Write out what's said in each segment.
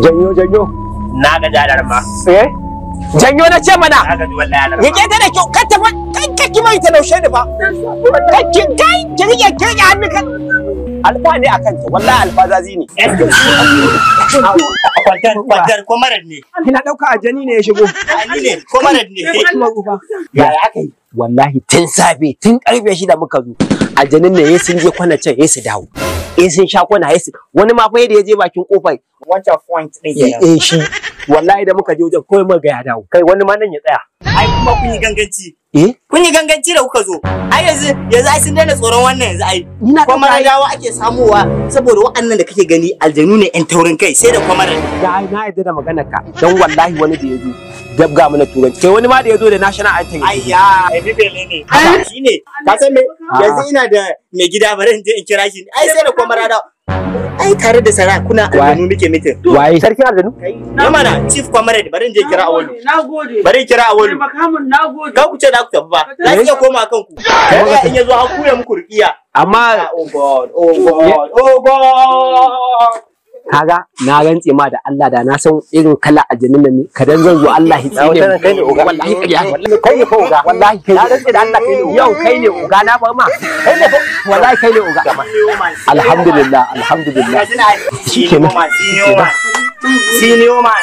janyo janyo na ga jalar ma eh janyo na ce mana na ga wallahi ya ke da kyau ka tafi kai ka ki mai talaushe ni ba kai ki kai ki rike ki rike hannu kan alfa akan ta wallahi alfa zazi eh, ne kwantar kwantar ko marar ne ina dauka ajani ne ya shigo ajani ne ko marar ne ya aka yi wallahi tun safe tun karfe shida muka zo janin ne sun je kwana can ya su dawo eh sun sha kwana ya wani ma fa ya je bakin kofar wancan point ɗin eh, eh shi wallahi da muka je wajen kawai ma ga ya dawo kai wani ma nan ya tsaya ai kuma kun yi ganganci eh kun yi ganganci da kuka zo ai yanzu yanzu ai sun daina tsoron wannan yanzu ai kwamarar dawa ake samowa saboda wa'annan da kake gani aljanu ne ƴan taurin kai sai da kwamarar da ai na yarda da maganar ka dan wallahi wani da yazo dabga mana turanci kai wani ma da yazo da national anthem ayya bibele ne shine ka san me ah. yanzu ina da mai gida bari in kira shi ai sai da kwamarar dawa ai tare da sarakuna aljanu muke mitin waye sarkin aljanu na yamana chief comrade bari in je kira a awolu bari kira a awolu ka ku ce na ku tafi ba na iya koma kan amma oh god oh god oh na rantse ma da Allah da na san irin kala ajinin nan ne kadan zan zo Allah ya tsine mu kai ne uga wallahi kai ne fa uga wallahi kai na rantse da kai ne yau kai ne uga na ba ma kai ne wallahi kai ne uga alhamdulillah alhamdulillah shikenan senior man senior man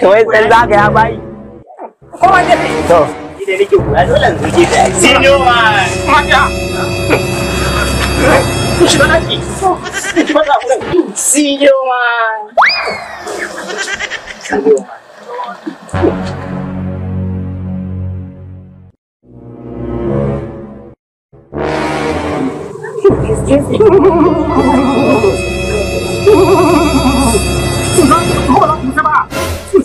Thôi em ra cái kìa bay Không anh đi Thôi Chị để đi chụp lại nữa lần thì chị để Xin vô mà Mặt ra See you, man. See you, man. Excuse me.